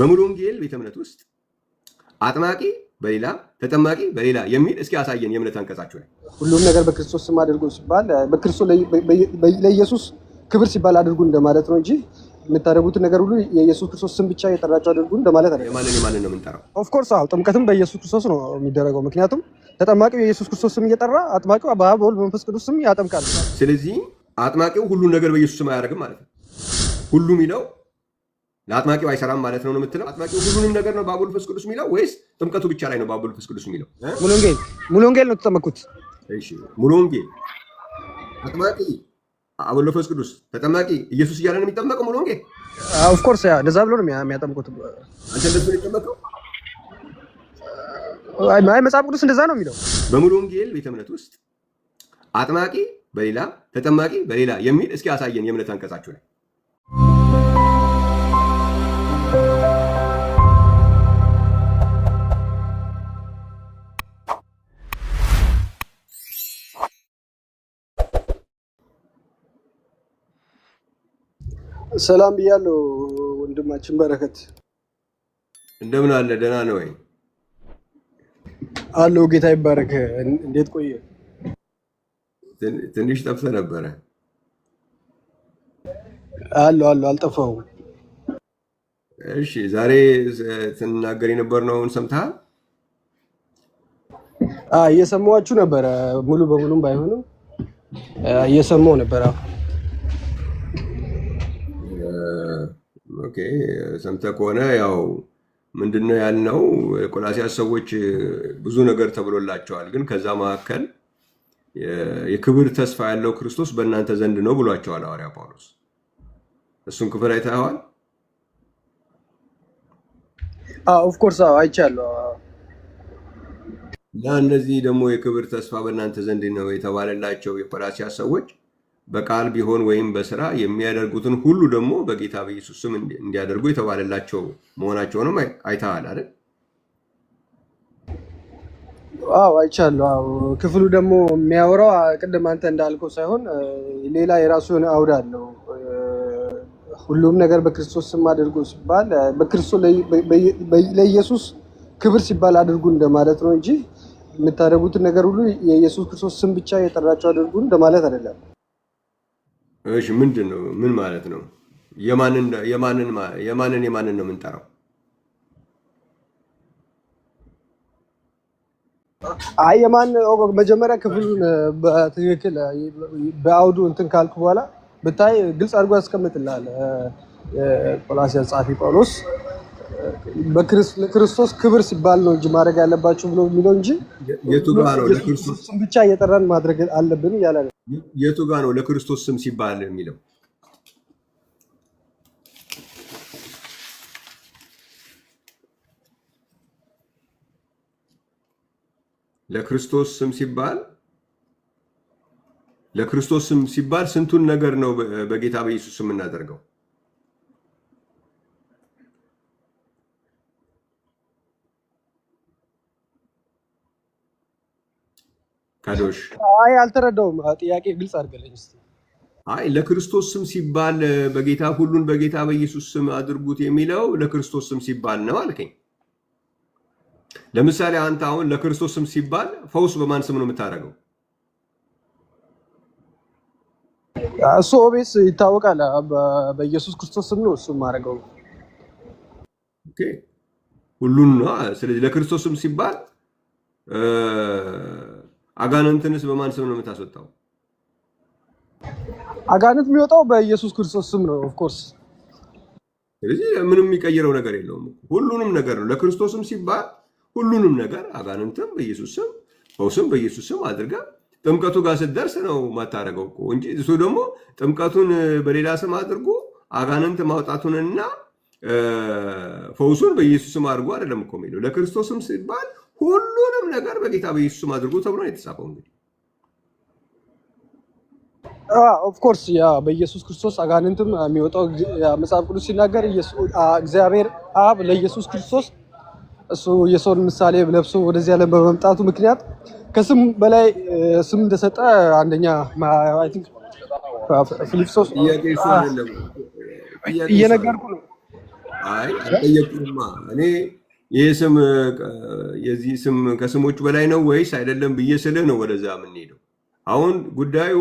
በሙሉ ወንጌል ቤተ እምነት ውስጥ አጥማቂ በሌላ ተጠማቂ በሌላ የሚል እስኪ ያሳየን የእምነት አንቀጻችሁ ላይ ሁሉም ነገር በክርስቶስ ስም አድርጎ ሲባል በክርስቶስ ለኢየሱስ ክብር ሲባል አድርጉ እንደማለት ነው እንጂ የምታደርጉትን ነገር ሁሉ የኢየሱስ ክርስቶስ ስም ብቻ የጠራቸው አድርጉ እንደማለት አይደለም። የማንን የማንን ነው የምንጠራው? ኦፍኮርስ አዎ፣ ጥምቀትም በኢየሱስ ክርስቶስ ነው የሚደረገው። ምክንያቱም ተጠማቂው የኢየሱስ ክርስቶስ ስም እየጠራ አጥማቂው በአብ በወልድ በመንፈስ ቅዱስ ስም ያጠምቃል። ስለዚህ አጥማቂው ሁሉን ነገር በኢየሱስ ስም አያደርግም ማለት ነው። ሁሉ የሚለው ለአጥማቂው አይሰራም ማለት ነው የምትለው? አጥማቂው ሁሉንም ነገር ነው በአቡል ወልድ መንፈስ ቅዱስ የሚለው ወይስ ጥምቀቱ ብቻ ላይ ነው በአቡል ወልድ መንፈስ ቅዱስ የሚለው? ሙሉ ወንጌል ሙሉ ወንጌል ነው የተጠመኩት። እሺ ሙሉ ወንጌል አጥማቂ አቡል ወልድ መንፈስ ቅዱስ ተጠማቂ ኢየሱስ እያለ ነው የሚጠመቀው ሙሉ ወንጌል። ኦፍ ኮርስ ያ እንደዛ ብሎ ነው የሚያጠምቁት። አንተ እንደሱ ነው የተጠመቀው? አይ መጽሐፍ ቅዱስ እንደዛ ነው የሚለው። በሙሉ ወንጌል ቤተ እምነት ውስጥ አጥማቂ በሌላ ተጠማቂ በሌላ የሚል እስኪ አሳየን የእምነት አንቀጻችሁ ላይ ሰላም ብያለሁ ወንድማችን በረከት፣ እንደምን አለ? ደህና ነው ወይ? አለሁ ጌታ ይባረክ። እንዴት ቆየ? ትንሽ ጠፍተህ ነበረ። አለ አለ አልጠፋሁም። እሺ፣ ዛሬ ትናገር ነውን ሰምተሃል? እየሰማኋችሁ ነበረ፣ ሙሉ በሙሉም ባይሆንም እየሰማሁ ነበረ። ኦኬ ሰምተህ ከሆነ ያው ምንድን ያልነው? የቆላሲያስ ሰዎች ብዙ ነገር ተብሎላቸዋል፣ ግን ከዛ መካከል የክብር ተስፋ ያለው ክርስቶስ በእናንተ ዘንድ ነው ብሏቸዋል ሐዋርያ ጳውሎስ። እሱን ክፍል አይተኸዋል? ኦፍኮርስ አይቻለሁ። እና እነዚህ ደግሞ የክብር ተስፋ በእናንተ ዘንድ ነው የተባለላቸው የቆላሲያስ ሰዎች በቃል ቢሆን ወይም በስራ የሚያደርጉትን ሁሉ ደግሞ በጌታ በኢየሱስ ስም እንዲያደርጉ የተባለላቸው መሆናቸውንም አይተሃል አይደል? አዎ አይቻለሁ። ክፍሉ ደግሞ የሚያወራው ቅድም አንተ እንዳልከው ሳይሆን ሌላ የራሱ የሆነ አውድ አለው። ሁሉም ነገር በክርስቶስ ስም አድርጎ ሲባል በክርስቶስ ለኢየሱስ ክብር ሲባል አድርጉ እንደማለት ነው እንጂ የምታደርጉትን ነገር ሁሉ የኢየሱስ ክርስቶስ ስም ብቻ የጠራቸው አድርጉ እንደማለት አይደለም። እሺ ምንድን ነው? ምን ማለት ነው? የማንን የማንን ነው የምንጠራው? አይ የማን መጀመሪያ ክፍሉን በትክክል በአውዱ እንትን ካልኩ በኋላ ብታይ ግልጽ አድርጎ ያስቀምጥልሃል። ቆላሲያ ጸሐፊ ጳውሎስ ለክርስቶስ ክብር ሲባል ነው እንጂ ማድረግ ያለባችሁ ብሎ የሚለው እንጂ ብቻ እየጠራን ማድረግ አለብን እያለ ነው። የቱ ጋ ነው ለክርስቶስ ስም ሲባል የሚለው? ለክርስቶስ ስም ሲባል ለክርስቶስ ስም ሲባል ስንቱን ነገር ነው በጌታ በኢየሱስ የምናደርገው? ካዶሽ አይ አልተረዳውም። ጥያቄ ግልጽ አድርገለኝ እስኪ። አይ ለክርስቶስ ስም ሲባል በጌታ ሁሉን በጌታ በኢየሱስ ስም አድርጉት የሚለው ለክርስቶስ ስም ሲባል ነው አልከኝ። ለምሳሌ አንተ አሁን ለክርስቶስ ስም ሲባል ፈውስ በማን ስም ነው የምታደርገው? እሱ ኦቤስ ይታወቃል። በኢየሱስ ክርስቶስ ስም ነው እሱ የማደርገው። ሁሉን ስለዚህ ለክርስቶስ ስም ሲባል አጋንንትንስ በማን ስም ነው የምታስወጣው? አጋንንት የሚወጣው በኢየሱስ ክርስቶስ ስም ነው። ኦፍኮርስ ስለዚህ ምንም የሚቀይረው ነገር የለውም። ሁሉንም ነገር ነው ለክርስቶስም ሲባል ሁሉንም ነገር አጋንንትም በኢየሱስ ስም ፈውስም በኢየሱስ ስም አድርጋ ጥምቀቱ ጋር ስትደርስ ነው ማታረገው እኮ እንጂ እሱ ደግሞ ጥምቀቱን በሌላ ስም አድርጎ አጋንንት ማውጣቱንና ፈውሱን በኢየሱስ ስም አድርጎ አይደለም እኮ የሚለው ለክርስቶስም ሲባል ሁሉንም ነገር በጌታ በኢየሱስም አድርጎ ተብሎ ነው የተጻፈው። እንግዲህ ኦፍኮርስ ያ በኢየሱስ ክርስቶስ አጋንንትም የሚወጣው መጽሐፍ ቅዱስ ሲናገር እግዚአብሔር አብ ለኢየሱስ ክርስቶስ እሱ የሰውን ምሳሌ ለብሶ ወደዚህ ዓለም በመምጣቱ ምክንያት ከስም በላይ ስም እንደሰጠ አንደኛ ፊልጵሶስ እየነገርኩ ነው። አይ እኔ ይህ ስም የዚህ ስም ከስሞቹ በላይ ነው ወይስ አይደለም ብዬ ስልህ ነው ወደዛ የምንሄደው። አሁን ጉዳዩ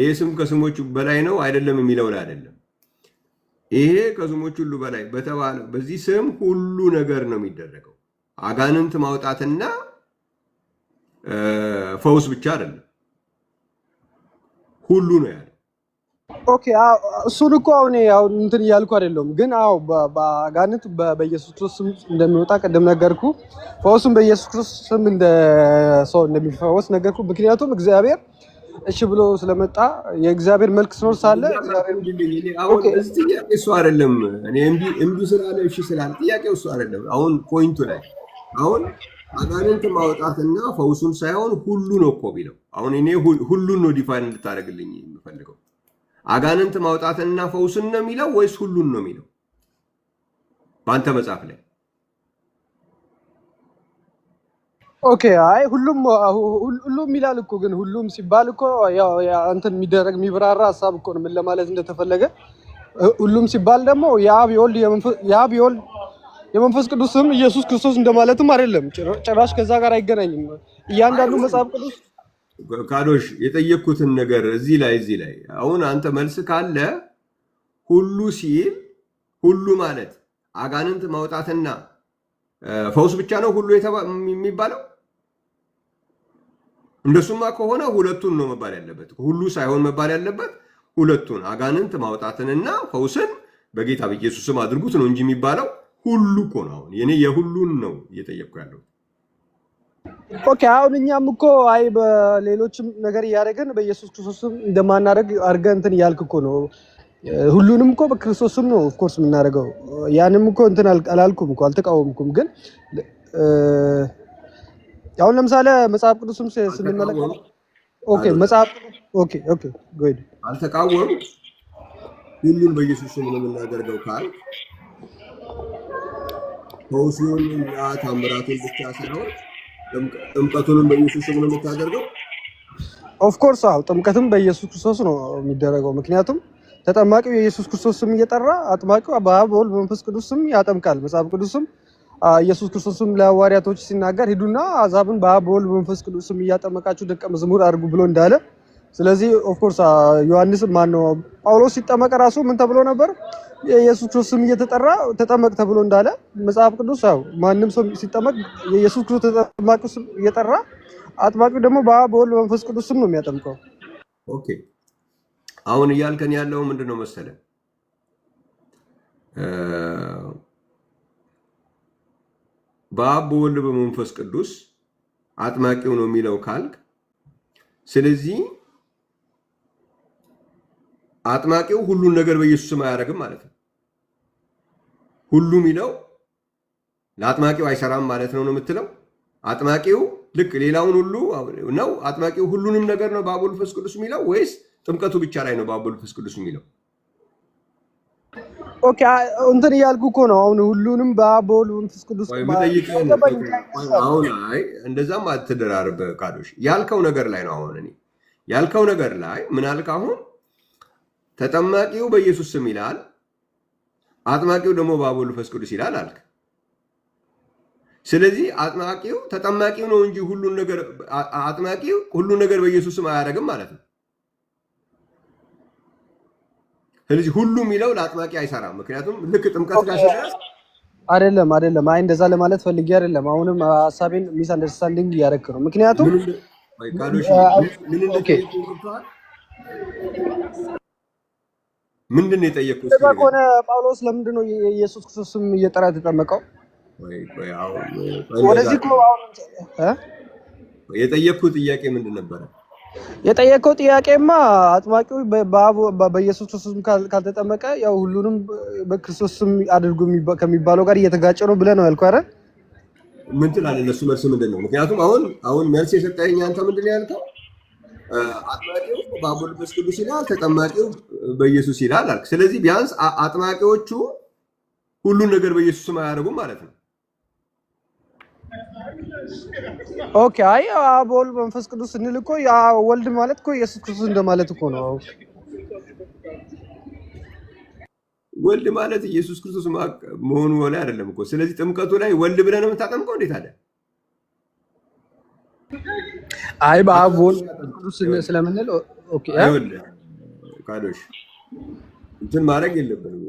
ይህ ስም ከስሞቹ በላይ ነው አይደለም የሚለው ላይ አይደለም። ይሄ ከስሞች ሁሉ በላይ በተባለው በዚህ ስም ሁሉ ነገር ነው የሚደረገው። አጋንንት ማውጣትና ፈውስ ብቻ አይደለም፣ ሁሉ ነው ያለ ኦኬ እሱን እኮ አሁን አሁን እንትን እያልኩ አይደለሁም፣ ግን አዎ በአጋንንት በኢየሱስ ክርስቶስ ስም እንደሚወጣ ቅድም ነገርኩ። ፈውሱም በኢየሱስ ክርስቶስ ስም እንደ ሰው እንደሚፈወስ ነገርኩ። ምክንያቱም እግዚአብሔር እሺ ብሎ ስለመጣ የእግዚአብሔር መልክ ስኖር ሳለ እሱ አይደለም እምቢ ስላለ እሺ ስላለ ጥያቄ እሱ አይደለም። አሁን ፖይንቱ ላይ አሁን አጋንንት ማውጣትና ፈውሱን ሳይሆን ሁሉ ነው እኮ ቢለው አሁን እኔ ሁሉን ነው ዲፋይን እንድታደርግልኝ የምፈልገው አጋንንት ማውጣትንና ፈውስን ነው የሚለው ወይስ ሁሉን ነው የሚለው? በአንተ መጽሐፍ ላይ ኦኬ። አይ ሁሉም ሁሉም ይላል እኮ ግን ሁሉም ሲባል እኮ ያው የሚደረግ የሚብራራ ሀሳብ እኮ ነው። ምን ለማለት እንደተፈለገ ሁሉም ሲባል ደግሞ የአብ የአብ የወልድ የመንፈስ ቅዱስ ስም ኢየሱስ ክርስቶስ እንደማለትም አይደለም። ጭራሽ ከዛ ጋር አይገናኝም። እያንዳንዱ መጽሐፍ ቅዱስ ካዶሽ የጠየኩትን ነገር እዚህ ላይ እዚህ ላይ አሁን አንተ መልስ ካለ ሁሉ ሲል ሁሉ ማለት አጋንንት ማውጣትና ፈውስ ብቻ ነው ሁሉ የሚባለው? እንደሱማ ከሆነ ሁለቱን ነው መባል ያለበት። ሁሉ ሳይሆን መባል ያለበት ሁለቱን አጋንንት ማውጣትንና ፈውስን በጌታ በኢየሱስም አድርጉት ነው እንጂ የሚባለው ሁሉ እኮ ነው። አሁን የኔ የሁሉን ነው እየጠየቅኩ ያለው። ኦኬ አሁን እኛም እኮ አይ በሌሎችም ነገር እያደረግን በኢየሱስ ክርስቶስም እንደማናደርግ አድርገህ እንትን እያልክ እኮ ነው። ሁሉንም እኮ በክርስቶስም ነው ኦፍኮርስ የምናደርገው። ያንም እኮ እንትን አላልኩም እኮ አልተቃወምኩም። ግን አሁን ለምሳሌ መጽሐፍ ቅዱስም ስንመለከት ኦኬ መጽሐፍ ኦኬ ኦኬ ጎድ አልተቃወም ሁሉን በኢየሱስ ስም ነው የምናደርገው ካል ፈውሱን ታምራቱን ብቻ ሳይሆን ጥምቀቱንም በኢየሱስ ስም ነው የምታደርገው? ኦፍኮርስ አዎ፣ ጥምቀትም በኢየሱስ ክርስቶስ ነው የሚደረገው። ምክንያቱም ተጠማቂው የኢየሱስ ክርስቶስ ስም እየጠራ አጥማቂው በአብ በወልድ በመንፈስ ቅዱስ ስም ያጠምቃል። መጽሐፍ ቅዱስም ኢየሱስ ክርስቶስም ለሐዋርያቶች ሲናገር ሂዱና አሕዛብን በአብ በወልድ በመንፈስ ቅዱስ ስም እያጠመቃችሁ ደቀ መዝሙር አድርጉ ብሎ እንዳለ ስለዚህ ኦፍኮርስ uh, ዮሐንስ ነው? ጳውሎስ ሲጠመቅ ራሱ ምን ተብሎ ነበር? የኢየሱስ ክርስቶስ ስም እየተጠራ ተጠመቅ ተብሎ እንዳለ መጽሐፍ ቅዱስ ያው ማንም ሰው ሲጠመቅ የኢየሱስ ክርስቶስ ተጠማቂ ስም እየጠራ አጥማቂው ደግሞ በአብ በወልድ በመንፈስ ቅዱስ ስም ነው የሚያጠምቀው። ኦኬ አሁን እያልከን ያለው ምንድን ነው መሰለ በአብ በወልድ በመንፈስ ቅዱስ አጥማቂው ነው የሚለው ካልክ ስለዚህ አጥማቂው ሁሉን ነገር ስም አያደርግም ማለት ነው። ሁሉ የሚለው ለአጥማቂው አይሰራም ማለት ነው ነው የምትለው አጥማቂው ልክ ሌላውን ሁሉ ነው። አጥማቂው ሁሉንም ነገር ነው በአብ ወልድ መንፈስ ቅዱስ የሚለው ወይስ ጥምቀቱ ብቻ ላይ ነው በአብ ወልድ መንፈስ ቅዱስ የሚለው? ኦኬ እንትን እያልኩ እኮ ነው አሁን ሁሉንም በአብ ወልድ መንፈስ ቅዱስ አሁን አይ እንደዛም አትደራርብ ካዶሽ ያልከው ነገር ላይ ነው። አሁን እኔ ያልከው ነገር ላይ ምን አልክ አሁን ተጠማቂው በኢየሱስ ስም ይላል፣ አጥማቂው ደግሞ በአብ ወልድ መንፈስ ቅዱስ ይላል አልክ። ስለዚህ አጥማቂው ተጠማቂው ነው እንጂ ሁሉን ነገር አጥማቂው ሁሉን ነገር በኢየሱስ ስም አያደርግም ማለት ነው። ስለዚህ ሁሉ የሚለው ለአጥማቂ አይሰራም። ምክንያቱም ልክ ጥምቀት ጋር አይደለም አይደለም። አይ እንደዛ ለማለት ፈልጌ አይደለም። አሁንም ሀሳቤን ሚስ አንደርስታንዲንግ እያደረክ ነው። ምክንያቱም ምን ምንድን ነው የጠየቅኩት? ከሆነ ጳውሎስ ለምንድን ነው የኢየሱስ ክርስቶስም እየጠራ የተጠመቀው? ወደዚህ የጠየቅኩት ጥያቄ ምንድን ነበረ? የጠየቀው ጥያቄማ አጥማቂው በኢየሱስ ክርስቶስም ካልተጠመቀ ያው ሁሉንም በክርስቶስም አድርጎ ከሚባለው ጋር እየተጋጨ ነው ብለህ ነው ያልኩህ አይደል? ምን ትላለህ? እሱ መልስ ምንድን ነው? ምክንያቱም አሁን አሁን መልስ የሰጠኸኝ አንተ ምንድን ነው ያልከው? አጥማቂው በአብ መንፈስ ቅዱስ ይላል፣ ተጠማቂው በኢየሱስ ይላል አልክ። ስለዚህ ቢያንስ አጥማቂዎቹ ሁሉን ነገር በኢየሱስም አያደርጉም ማለት ነው። ኦኬ አይ አብ መንፈስ ቅዱስ ስንል እኮ ወልድ ማለት እኮ ኢየሱስ ክርስቶስ እንደማለት እኮ ነው። ወልድ ማለት ኢየሱስ ክርስቶስ መሆኑ ላይ አይደለም እኮ። ስለዚህ ጥምቀቱ ላይ ወልድ ብለህ ነው የምታጠምቀው? እንዴት አለ አይ በአብ ወልድ ስለምንል ካዶሽ እንትን ማድረግ የለብንም።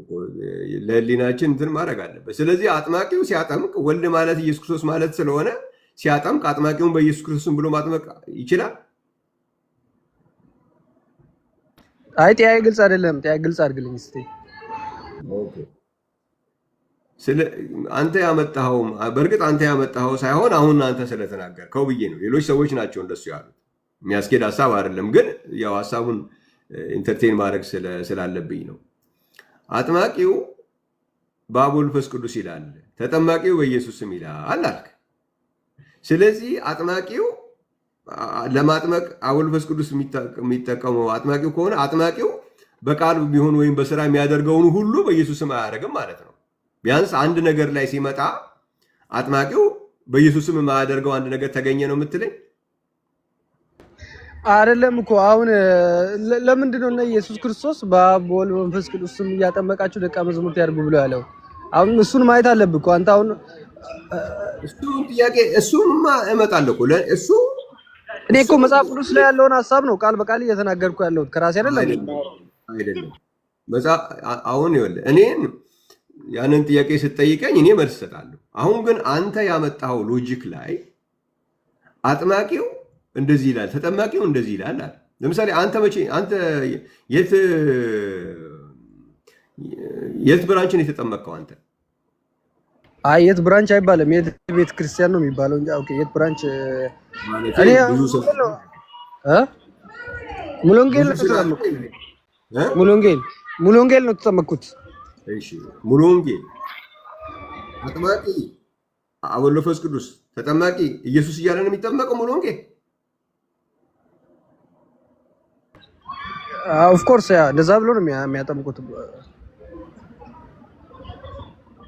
ለህሊናችን እንትን ማድረግ አለበት። ስለዚህ አጥማቂው ሲያጠምቅ ወልድ ማለት ኢየሱስ ክርስቶስ ማለት ስለሆነ ሲያጠምቅ አጥማቂውን በኢየሱስ ክርስቶስን ብሎ ማጥመቅ ይችላል። አይ ጥያቄ ግልጽ አይደለም። ጥያቄ ግልጽ አድርግልኝ እስኪ። አንተ ያመጣኸው በእርግጥ አንተ ያመጣኸው ሳይሆን አሁን አንተ ስለተናገርከው ብዬ ነው። ሌሎች ሰዎች ናቸው እንደሱ ያሉት። የሚያስኬድ ሀሳብ አይደለም፣ ግን ያው ሀሳቡን ኢንተርቴን ማድረግ ስላለብኝ ነው። አጥማቂው በአብ ወልድ መንፈስ ቅዱስ ይላል፣ ተጠማቂው በኢየሱስም ይላል አልክ። ስለዚህ አጥማቂው ለማጥመቅ አብ ወልድ መንፈስ ቅዱስ የሚጠቀመው አጥማቂው ከሆነ አጥማቂው በቃል ቢሆን ወይም በስራ የሚያደርገውን ሁሉ ስም አያደርግም ማለት ነው። ቢያንስ አንድ ነገር ላይ ሲመጣ አጥማቂው በኢየሱስም የማያደርገው አንድ ነገር ተገኘ ነው የምትለኝ? አይደለም እኮ አሁን ለምንድን ነው እና ኢየሱስ ክርስቶስ በአብ በወልድ በመንፈስ ቅዱስ ስም እያጠመቃችሁ ደቀ መዛሙርት ያድርጉ ብሎ ያለው? አሁን እሱን ማየት አለብህ እኮ አንተ። አሁን እሱን ጥያቄ እሱማ እመጣለሁ እኮ እሱ እኔ እኮ መጽሐፍ ቅዱስ ላይ ያለውን ሀሳብ ነው ቃል በቃል እየተናገርኩ ያለሁት ከራሴ አይደለም አይደለም። መጽሐፍ አሁን ይኸውልህ እኔን ያንን ጥያቄ ስትጠይቀኝ እኔ መልስ እሰጣለሁ። አሁን ግን አንተ ያመጣኸው ሎጂክ ላይ አጥማቂው እንደዚህ ይላል፣ ተጠማቂው እንደዚህ ይላል አለ። ለምሳሌ አንተ መቼ አንተ የት የት ብራንችን የተጠመቀው አንተ? አይ የት ብራንች አይባልም፣ የት ቤተ ክርስቲያን ነው የሚባለው እንጂ። ኦኬ የት ብራንች እኔ እ ሙሉ ወንጌል ነው ተጠመቅኩት። ሙሉ ወንጌል ነው ተጠመቅኩት። እሺ ሙሉ ወንጌል፣ አጥማቂ አብ ወልድ ወመንፈስ ቅዱስ፣ ተጠማቂ ኢየሱስ እያለ ነው የሚጠመቀው። ሙሉ ወንጌል ኦፍ ኮርስ እንደዛ ብሎ ነው የሚያጠምቁት።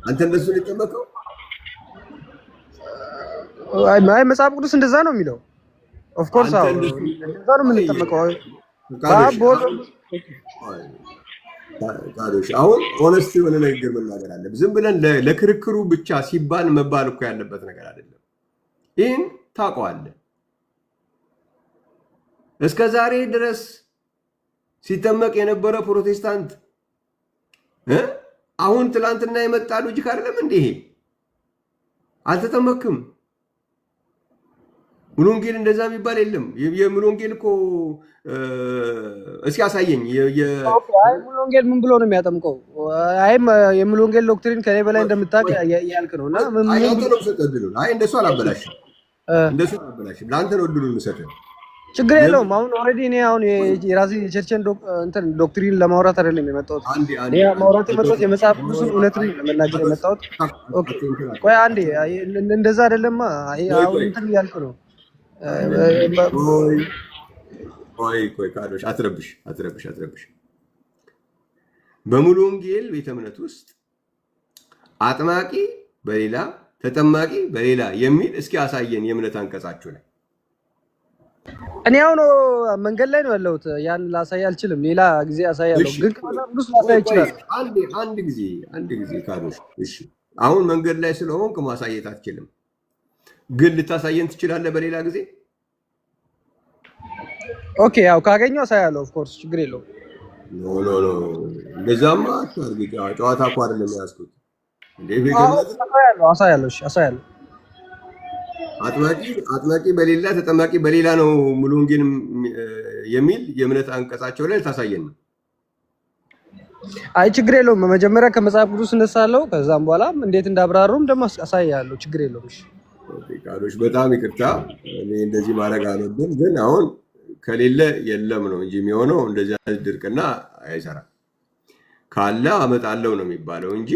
አንተ እንደሱ ነው የጠመቀው? Uh, አይ መጽሐፍ ቅዱስ እንደዛ ነው የሚለው። ኦፍ ኮርስ አዎ እንደዛ ነው የምንጠመቀው። አሁን ኦነስት የሆነ ንግግር መናገር አለ። ዝም ብለን ለክርክሩ ብቻ ሲባል መባል እኮ ያለበት ነገር አይደለም። ይህን ታውቀዋለህ። እስከ ዛሬ ድረስ ሲጠመቅ የነበረ ፕሮቴስታንት አሁን ትላንትና የመጣ ሎጂክ አይደለም እንዲህ አልተጠመክም ሙሉ ወንጌል እንደዛ የሚባል የለም። የሙሉ ወንጌል እኮ እስኪ አሳየኝ። ሙሉ ወንጌል ምን ብሎ ነው የሚያጠምቀው? ይም የሙሉ ወንጌል ዶክትሪን ከኔ በላይ እንደምታውቅ ያልክ ነው። እና እንደሱ አላበላሽም፣ እንደሱ አላበላሽም። ለአንተ ነው እድሉ ንሰጥ፣ ችግር የለውም። አሁን ኦልሬዲ እኔ አሁን የራሴ የቸርችን ዶክትሪን ለማውራት አይደለም የመጣሁት። ማውራት የመጣሁት የመጽሐፍ ቅዱስን እውነትን ለመናገር የመጣሁት። ቆይ አንዴ፣ እንደዛ አይደለማ። አሁን እንትን እያልክ ነው አትረብሽ አትረብሽ አትረብሽ። በሙሉ ወንጌል ቤተ እምነት ውስጥ አጥማቂ በሌላ ተጠማቂ በሌላ የሚል እስኪ የእምነት አንቀጻችሁ ላይ። እኔ አሁን መንገድ ላይ ነው ያለሁት። ያን ላሳይ አልችልም። ሌላ ጊዜ አሳያለሁ። ግን ላሳይ ይችላል። አንድ ጊዜ አንድ ጊዜ እሺ አሁን መንገድ ላይ ስለሆንክ ማሳየት አትችልም። ግን ልታሳየን ትችላለህ በሌላ ጊዜ። ኦኬ ያው ካገኘው አሳያለሁ። ኮርስ ችግር የለው። ኖ ኖ ኖ እንደዚያማ አታድርግ። ጨዋታ እኮ አይደለም የያዝኩት። አሳያለሁ አሳያለሁ። አጥማቂ አጥማቂ በሌላ ተጠማቂ በሌላ ነው ሙሉ ወንጌል የሚል የእምነት አንቀጻቸው ላይ ልታሳየን አይ ችግር የለውም። መጀመሪያ ከመጽሐፍ ቅዱስ እነሳለሁ። ከዛም በኋላም እንዴት እንዳብራሩም ደግሞ አሳያለሁ። ችግር የለውም። እሺ ቃሎች በጣም ይቅርታ እኔ እንደዚህ ማድረግ አለብን፣ ግን አሁን ከሌለ የለም ነው እንጂ የሚሆነው እንደዚህ ድርቅና አይሰራም። ካለ አመጣለው ነው የሚባለው እንጂ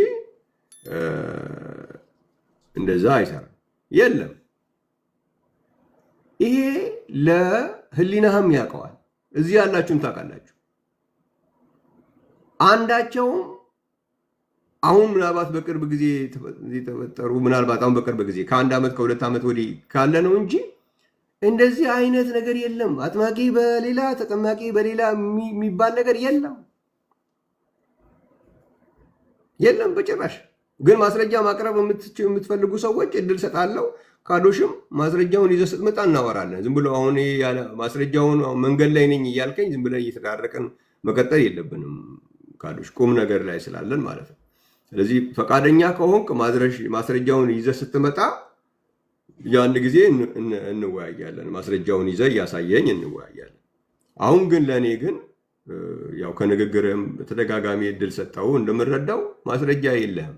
እንደዛ አይሰራም፣ የለም። ይሄ ለህሊናህም ያውቀዋል። እዚህ ያላችሁም ታውቃላችሁ። አንዳቸውም አሁን ምናልባት በቅርብ ጊዜ የተፈጠሩ ምናልባት አሁን በቅርብ ጊዜ ከአንድ ዓመት ከሁለት ዓመት ወዲህ ካለ ነው እንጂ እንደዚህ አይነት ነገር የለም። አጥማቂ በሌላ ተጠማቂ በሌላ የሚባል ነገር የለም የለም በጭራሽ። ግን ማስረጃ ማቅረብ የምትፈልጉ ሰዎች እድል ሰጣለው። ካዶሽም ማስረጃውን ይዘህ ስትመጣ እናወራለን። ዝም ብሎ አሁን ማስረጃውን መንገድ ላይ ነኝ እያልከኝ ዝም ብለህ እየተዳረቀን መቀጠል የለብንም። ካዶሽ ቁም ነገር ላይ ስላለን ማለት ነው። ስለዚህ ፈቃደኛ ከሆንክ ማስረጃውን ይዘህ ስትመጣ ያን ጊዜ እንወያያለን። ማስረጃውን ይዘህ እያሳየኝ እንወያያለን። አሁን ግን ለእኔ ግን ያው ከንግግርህም በተደጋጋሚ እድል ሰጠው እንደምረዳው ማስረጃ የለህም፣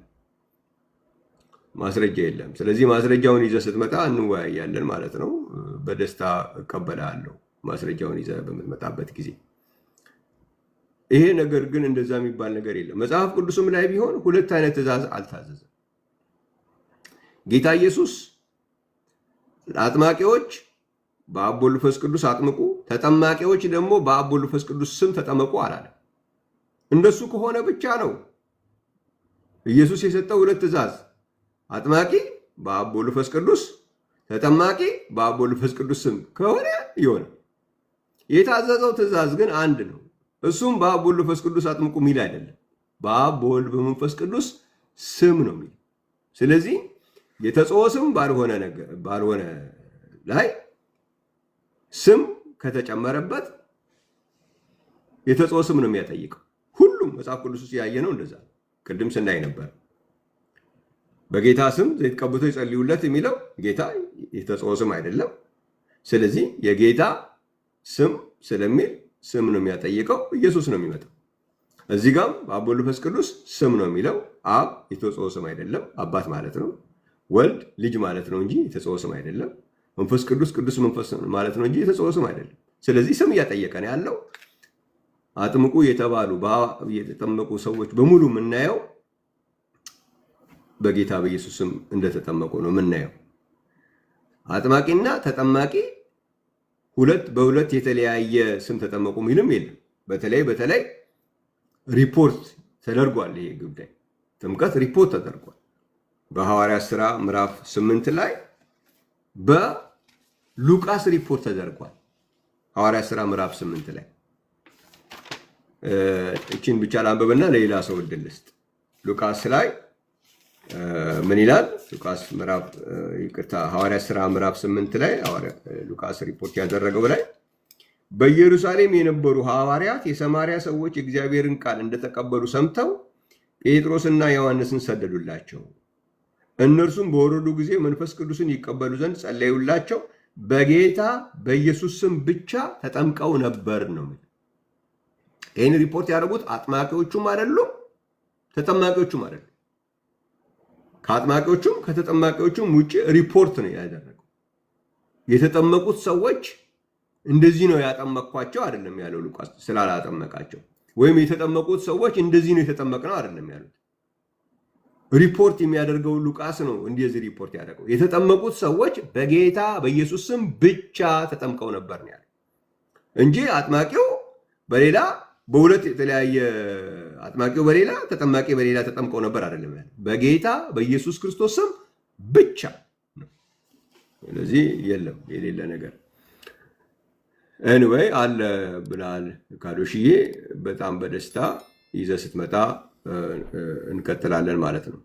ማስረጃ የለህም። ስለዚህ ማስረጃውን ይዘህ ስትመጣ እንወያያለን ማለት ነው። በደስታ እቀበላለሁ ማስረጃውን ይዘህ በምትመጣበት ጊዜ ይሄ ነገር ግን እንደዛ የሚባል ነገር የለም። መጽሐፍ ቅዱስም ላይ ቢሆን ሁለት አይነት ትእዛዝ አልታዘዘም። ጌታ ኢየሱስ አጥማቂዎች በአብ ወልድ መንፈስ ቅዱስ አጥምቁ፣ ተጠማቂዎች ደግሞ በአብ ወልድ መንፈስ ቅዱስ ስም ተጠመቁ አላለም። እንደሱ ከሆነ ብቻ ነው ኢየሱስ የሰጠው ሁለት ትእዛዝ፣ አጥማቂ በአብ ወልድ መንፈስ ቅዱስ፣ ተጠማቂ በአብ ወልድ መንፈስ ቅዱስ ስም ከሆነ ይሆነ። የታዘዘው ትእዛዝ ግን አንድ ነው። እሱም በአብ በወልድ በመንፈስ ቅዱስ አጥምቁ የሚል አይደለም። በአብ በወልድ በመንፈስ ቅዱስ ስም ነው የሚል። ስለዚህ የተጸወ ስም ባልሆነ ላይ ስም ከተጨመረበት የተጸወ ስም ነው የሚያጠይቀው። ሁሉም መጽሐፍ ቅዱስ ውስጥ ያየ ነው። እንደዛ ቅድም ስናይ ነበር። በጌታ ስም ዘይት ቀብቶ ይጸልዩለት የሚለው ጌታ የተጸወ ስም አይደለም። ስለዚህ የጌታ ስም ስለሚል ስም ነው የሚያጠይቀው። ኢየሱስ ነው የሚመጣው። እዚህ ጋም በአብ ወልድ መንፈስ ቅዱስ ስም ነው የሚለው። አብ የተጸውዖ ስም አይደለም፣ አባት ማለት ነው። ወልድ ልጅ ማለት ነው እንጂ የተጸውዖ ስም አይደለም። መንፈስ ቅዱስ ቅዱስ መንፈስ ማለት ነው እንጂ የተጸውዖ ስም አይደለም። ስለዚህ ስም እያጠየቀ ነው ያለው። አጥምቁ የተባሉ የተጠመቁ ሰዎች በሙሉ የምናየው በጌታ በኢየሱስ ስም እንደተጠመቁ ነው የምናየው። አጥማቂና ተጠማቂ ሁለት በሁለት የተለያየ ስም ተጠመቁ የሚልም የለም። በተለይ በተለይ ሪፖርት ተደርጓል። ይሄ ጉዳይ ጥምቀት ሪፖርት ተደርጓል በሐዋርያ ስራ ምዕራፍ ስምንት ላይ በሉቃስ ሪፖርት ተደርጓል። ሐዋርያ ስራ ምዕራፍ ስምንት ላይ እችን ብቻ ላንበብና ለሌላ ሰው እድል ልስጥ ሉቃስ ላይ ምን ይላል ሉቃስ ምዕራፍ ይቅርታ ሐዋርያ ስራ ምዕራፍ ስምንት ላይ ሉቃስ ሪፖርት ያደረገው ላይ በኢየሩሳሌም የነበሩ ሐዋርያት የሰማርያ ሰዎች እግዚአብሔርን ቃል እንደተቀበሉ ሰምተው ጴጥሮስና ዮሐንስን ሰደዱላቸው። እነርሱም በወረዱ ጊዜ መንፈስ ቅዱስን ይቀበሉ ዘንድ ጸለዩላቸው። በጌታ በኢየሱስ ስም ብቻ ተጠምቀው ነበር ነው። ይህን ሪፖርት ያደረጉት አጥማቂዎቹም አይደሉም፣ ተጠማቂዎቹም አይደሉም። ከአጥማቂዎቹም ከተጠማቂዎቹም ውጭ ሪፖርት ነው ያደረገው። የተጠመቁት ሰዎች እንደዚህ ነው ያጠመቅኳቸው አይደለም ያለው ሉቃስ ስላላጠመቃቸው፣ ወይም የተጠመቁት ሰዎች እንደዚህ ነው የተጠመቅ ነው አይደለም ያሉት። ሪፖርት የሚያደርገው ሉቃስ ነው እንደዚህ ሪፖርት ያደርገው። የተጠመቁት ሰዎች በጌታ በኢየሱስ ስም ብቻ ተጠምቀው ነበር ነው ያለው እንጂ አጥማቂው በሌላ በሁለት የተለያየ አጥማቂው በሌላ ተጠማቂ በሌላ ተጠምቀው ነበር አይደለም። በጌታ በኢየሱስ ክርስቶስ ስም ብቻ ስለዚህ የለም የሌለ ነገር ኤኒዌይ አለ ብላል ካዶሽዬ። በጣም በደስታ ይዘ ስትመጣ እንቀጥላለን ማለት ነው።